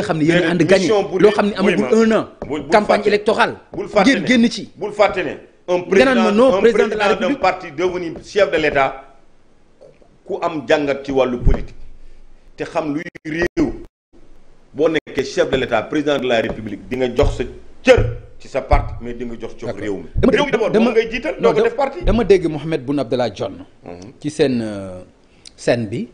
nga xam ne yéen a ànd loo xam ne amagul un an campagne électorale ngeen génn ci bul fàtte ne un président un président de la République d'un parti devenu chef de l'État ku am jàngat ci wàllu politique te xam luy réew boo nekkee chef de l'État président de la République di nga jox sa cër ci sa parti mais di jox jox réew mi réew mi dama ngay jiital doo ko parti dama dégg Mohamed Boun Abdallah Dionne mhm. ci seen euh, scène bi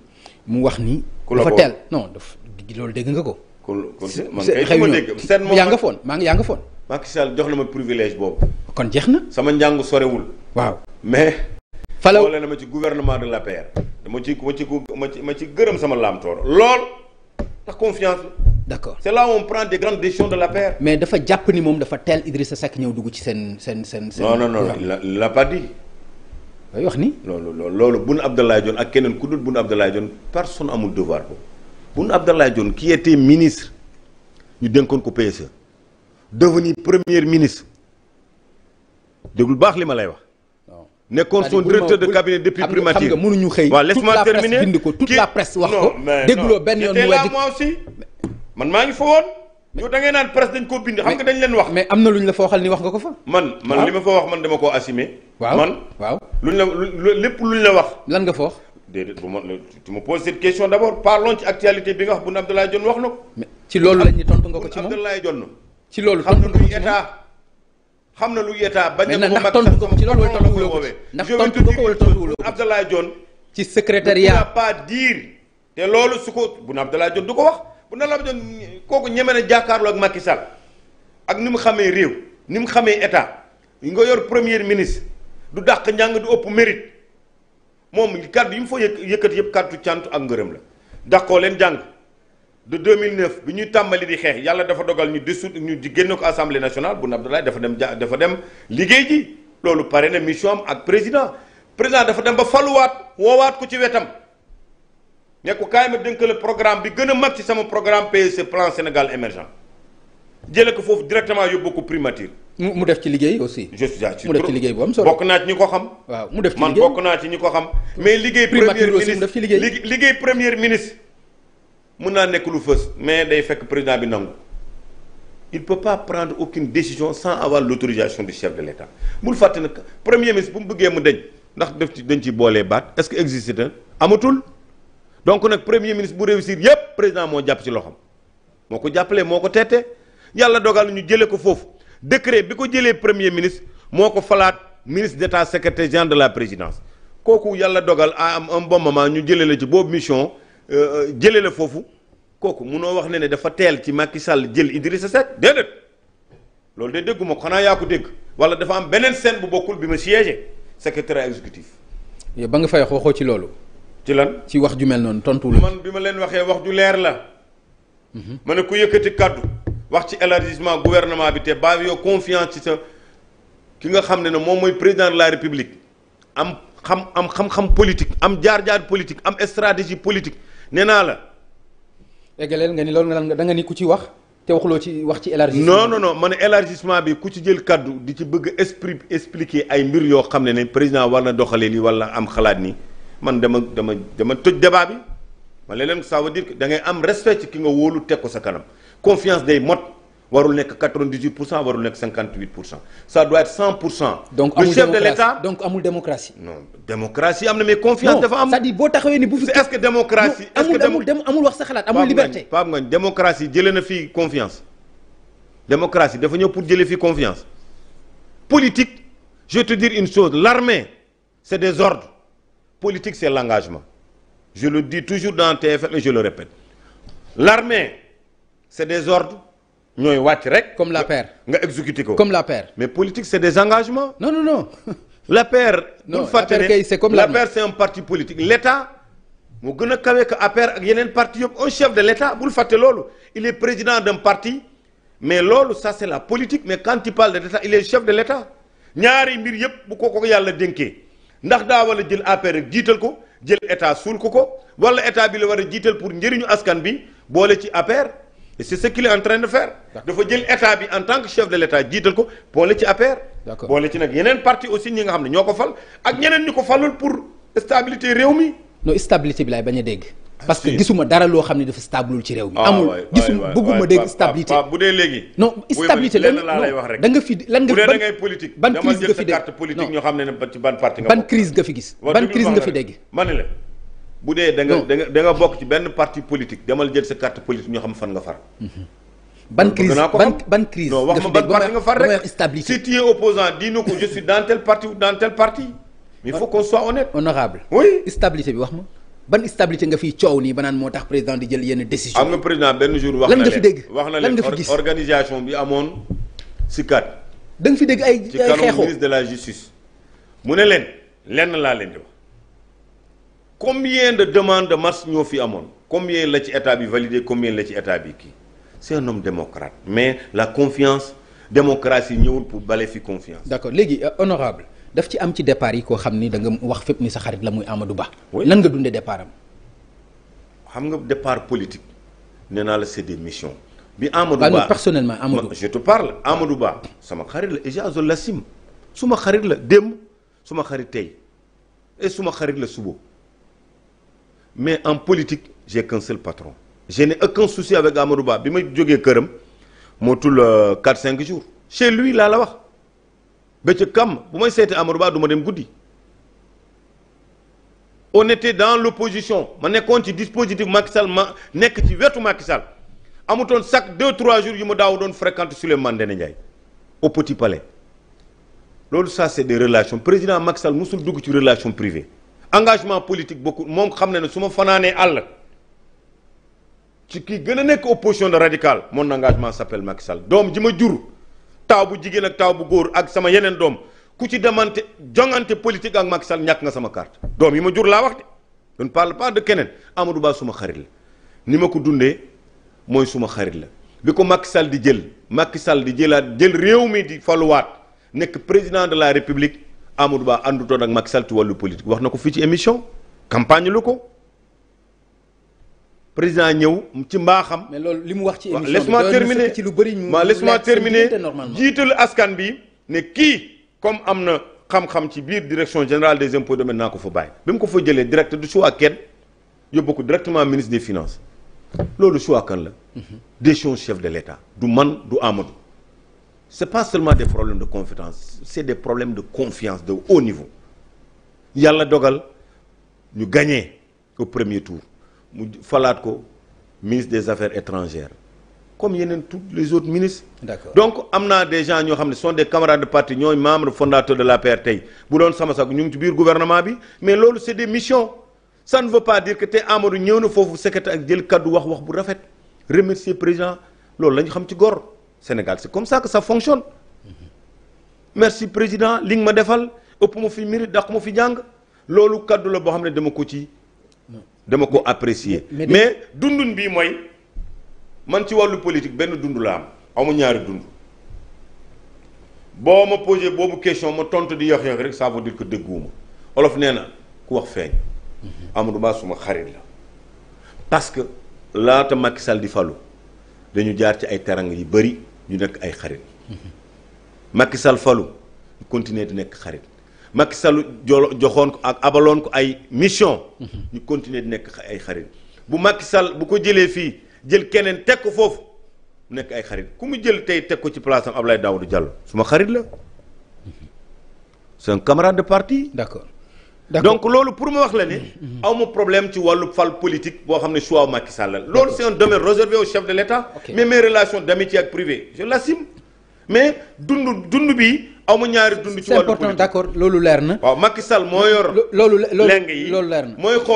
mu wax ni dafa teel non daf loolu dégg nga ko kon kon man ma dégg seen moom yaa nga foon maa ngi yaa nga foon. Macky Sall jox na ma privilège boobu. kon jeex na. sama njàng sorewul. waaw mais. falaw na ma ci gouvernement de l'APR. dama ci ma ci ma ma ci gërëm sama laam toor lool ndax confiance la. d'accord c'est là où on prend mais dafa jàpp ni moom dafa teel Idrissa Seck dugg ci seen seen seen. seen non non l'a pas dit. wax ni. loolu loolu loolu Boun Abdallah Dionne ak keneen ku dul Boun Abdallah Dionne personne amul devoir boobu. Boun Abdallah Dionne qui était ministre ñu dénkoon ko PSE devenu premier ministre déglul baax li ma lay wax. nekkoon son directeur de cabinet depuis primature xam nga mënuñu xëy. waaw laisse-moi terminer bind ko toute la presse wax ko dégloo benn yoon mu weddi moi aussi man maa ngi fa woon. naan presse dañ koo bind xam nga dañ leen wax. mais am na lu ñu la fa waxal ni wax nga ko fa. man man li ma fa wax man dama koo assumer. waaw man waaw lu ñu la lépp lu ñu la wax. lan nga fa wax. déedéet bu ma tu me poses cette question d' abord parlons ci actualité bi nga wax Boun Abdallah Dionne wax na ko. mais ci loolu la ñuy tontu nga ko ci moom Abdallah Dionne. ci loolu tontu nga ko ci moom xam na luy état xam na luy état. bañ na ko mag tontu ko ci loolu wala tontu ko ndax tontu ko wala tontu ko Abdallah Dionne. ci secrétariat ne pas dire. te loolu su ko Boun Abdallah Dionne du ko wax Boun Abdallah Dionne kooku ñeme na jàkkaarloo ak Macky Sall ak ni mu xamee réew ni mu xamee état nga yor premier ministre du dàq njàng du ëpp mérite. moom kàddu yi mu fa yëkkati yëpp kàddu cant ak ngërëm la ndax koo leen jàng de 2009 bi ñuy tàmbali di xeex yàlla dafa dogal ñu dissoudre ñu di génne ko assemblée nationale Boun Abdallah dafa dem ja dafa dem liggéey ji loolu pare na mission ak président président dafa dem ba faluwaat woowaat ko ci wetam ne ko kaay dënkale programme bi gën a mag ci sama programme PSE plan Sénégal émergent jëlee ko foofu directement yóbbu ko primature. mu mu def ci liggéey aussi. je suis mu def ci liggéey bu am solo bokk naa ci ñi ko xam. waaw liggéey man bokk naa ci ñi ko xam. mais liggéey premier ministre liggéey premier ministre. mën naa nekk lu fës mais day fekk président bi nangu il peut pas prendre aucune décision sans avoir l'autorisation du chef de l'État bul fàtte nag premier ministre bu mu bëggee mu deñ ndax def ci dañ ci boolee baat est-ce que existe na amatul donc nag premier ministre bu réussir yépp président moo jàpp ci loxoom moo ko jàppalee moo ko teete yàlla dogal ñu jëlee ko foofu décret bi ko jëlee premier ministre moo ko falaat ministre d'état secrétaire général de la présidence kooku yàlla dogal à am un bon ñu jëlee la ci boobu mission euh, euh, jëlee la foofu kooku munoo wax ne ne dafa teel ci Macky Sall jël sa Seck déedéet loolu de dégguma ko xanaa yaa ko dégg wala dafa am beneen scène bu bokkul bi ma siégé secrétaire exécutif. ba nga fay waxoo ci loolu. ci lan ci wax ju mel noonu tontu man bi ma leen waxee wax ju leer la. Mhm. ma ne yëkkati kàddu. wax ci élargissement gouvernement bi te ba yoo confiance ci sa ki nga xam ne ne moom mooy président de la république am xam am xam-xam politique am jaar-jaar politique am stratégie politique nee naa la. leen nga ni loolu nga da nga ni ku ci wax te waxuloo ci wax ci élargissement non non non ma a élargissement bi ku ci jël kàddu di ci bëgg esprit expliquer ay mbir yoo xam ne ne président war na doxalee lii wala am xalaat nii man dama dama dama tëj débat bi man leneen ça veut dire am respect ki nga wóolu teg ko sa kanam. confiance day mot warul nekk 98 pour cent warul nekk 58 pour cent ça doit être 100 pour cent. donc amul démocratie le chef de l'État donc amul démocratie. non démocratie am na mais confiance dafa am. c'est-à-dire boo taxawee ni bu fi. est-ce que démocratie. est-ce que amul amul wax sa xalaat amul liberté. Pape Ngagne démocratie jëlee na fii confiance. démocratie dafa ñëw pour jëlee fii confiance. politique je vais te dire une chose l'armée c'est des ordres politique c'est l'engagement je le dis toujours dans TFM et je le répète l'armée c'est des ordres ñooy wàcc rek. comme la paire nga exécuté ko. comme la paire mais politique c'est des engagements. non non non. la paire. non la paire comme la paire c'est parti politique l'État moo gën a kawe ak yeneen parti yëpp un chef de l'État bul fàtte loolu il est président d'un parti mais loolu ça c'est la politique mais quand il parle de l'État il est chef de l'État ñaari mbir yëpp bu ko ko yàlla dénkee ndax daa war a jël APR jiital ko jël état suul ko ko wala état bi la war a jiital pour njëriñu askan bi boole ci APR. et c'est ce qu'il est en train de faire. dafa jël état bi en tant que chef de l'état jiital ko boole ci APR. boole ci nag yeneen parti aussi ñi nga xam ne ñoo ko fal ak ñeneen ñi ko falul pour stabilité réew mi. non stabilité bi laay bañ a dégg. Ah, parce que gisuma dara loo xam ne dafa stablul ci réew mi. Ah, amul gisuma bëgguma dégg stabilité. bu dee léegi. no stabilité lan da nga fi lan nga fi ban politique. ban crise nga fi dégg dama ne ban ci ban parti nga crise nga fi gis. ban crise nga fi dégg. ma bu dee da nga da nga da nga bokk ci benn parti politique demal jël sa carte politique ñu xam fan nga far. ban crise ban ban crise non wax ma ban parti nga far rek stabilité si tu es opposant dans tel parti ou dans tel parti. mais il faut qu'on soit honnête. bi wax ma. ban stabilité nga fiy coow nii ba naan moo tax président di jël yenn décision am nga président benn jour. wax na leen lan nga fi dégg wax na leen organisation bi amoon si da nga fi dégg ay de la justice. mu ne leen lenn laa leen di wax. combien de demande de marche ñoo fi amoon combien la ci état bi validé combien la ci état bi kii c'est un homme démocrate mais la confiance yi ñëwul pour bale fi confiance. d'accord léegi euh, honorable daf ci am ci départ yi ko xam ni da nga wax fépp ni sa xarit la muy Amadou Ba. lan nga dundee départ am. xam nga départ politique nee naa la c'est mission missions. bi Amadou Ba non personnellement Amadou. je te parle Amadou Ba sama xarit la et j'assume suma xarit la démb suma xarit tey suma xarit la suba. mais en politique j'ai qu'un seul patron je n'ai aucun souci avec Amadou Ba bi ma jógee këram mootul 4 euh, cinq jours chez lui laa la wax bëccëg kam bu may seeti Amadou Ba du ma dem guddi on était dans l'opposition ma nekkoon ci dispositif Macky ma nekk ci wetu Macky Sall amutoon chaque deux trois jours yu ma daaw doon fréquente Souleymane Ndéné Ndiaye au Petit Palais loolu ça c'est des relations président Macky Sall musul dugg ci relation privée engagement politique bokkul moom xam na ne su ma fanaanee àll ci ki gën a nekk opposition de radicale mon engagement s'appelle Macky Sall doom ji ma jur taaw bu jigéen ak taaw bu góor ak sama yeneen doom ku ci demante jongante politique ak Macky ñàkk nga sama carte doom yi ma jur laa wax de je ne parle pas de keneen Amadou Ba suma xarit la ni ma ko dundee mooy suma xarit la bi ko Macky Sall di jël Macky Sall di jëlaat jël réew mi di faluwaat nekk président de la république Amadou Ba àndutoon ak Macky Sall ci wàllu politique wax na ko fii ci émission campagne lu ko président ñëw ci mbaaxam. mais loolu li mu wax ci émission laisse-moi terminer ci lu bëri ma laisse-moi terminer jiitalu askan bi ne kii comme am na xam-xam ci biir direction générale des de domaine naa ko fa bàyyi. bi mu ko fa jëlee direct du choix kenn yóbbu ko directement ministre des finances loolu choix kan la. Mhm. décision chef de l' du man du Amadou. c'est pas seulement des problème de compétence c'est des problèmes de confiance de haut niveau yàlla dogal ñu gagné au premier tour mu falaat ko ministre des affaires étrangères comme yeneen tous les autres ministres. d'accord donc am naa des ñoo xam ne sont des camarades de parti ñooy membre fondateur de l'APR tey bu doon sama sax ñu ngi ci biir gouvernement bi mais loolu c'est des missions ça ne veut pas dire que tey Amadou ñëw na foofu secrétaire ak jël kaddu wax wax bu rafet remercier président loolu la ñu xam ci góor. Sénégal ci comme ça que ça merci président li ma defal ëpp ma fi mérite dàq ma fi jàng loolu kàddu la boo xam ne dama ko ci dama ko apprécier mais dundun bii mooy man ci wàllu politique benn dund la am amul ñaari dund boo ma posé boobu question ma tontu di yox yox rek ça veut dire que dëgguwuma olof nee na ku wax feeñ mm-hmm. Amadou Ba suma xarit la parce que laata Macky Sall di falu dañu jaar ci ay teranga yu bëri ñu nekk ay xarit Macky sal falu ñu continuer di nekk xarit Macky Sall joxoon ko ak abaloon ko ay mission ñu continuer di nekk ay xarit bu makki sal bu ko jëlee fii jël keneen teg ko foofu nekk ay xarit ku mu jël tey teg ko ci ab lay daaw Daouda Diallo suma xarit la c'est un camarade de parti d'accord donc loolu pour ma wax la ne aw ma problème ci wàllu fal politique boo xam ne choix Macky Sall la loolu c'est un domaine réservé au chef de l'État okay. mais mes relations ak privé je l'assume mais dund dund bi aw ma ñaari dund ci wàllu politique d'accord loolu leer na waaw Macky Sall moo yor loolu loolu leng loolu leer na mooy xool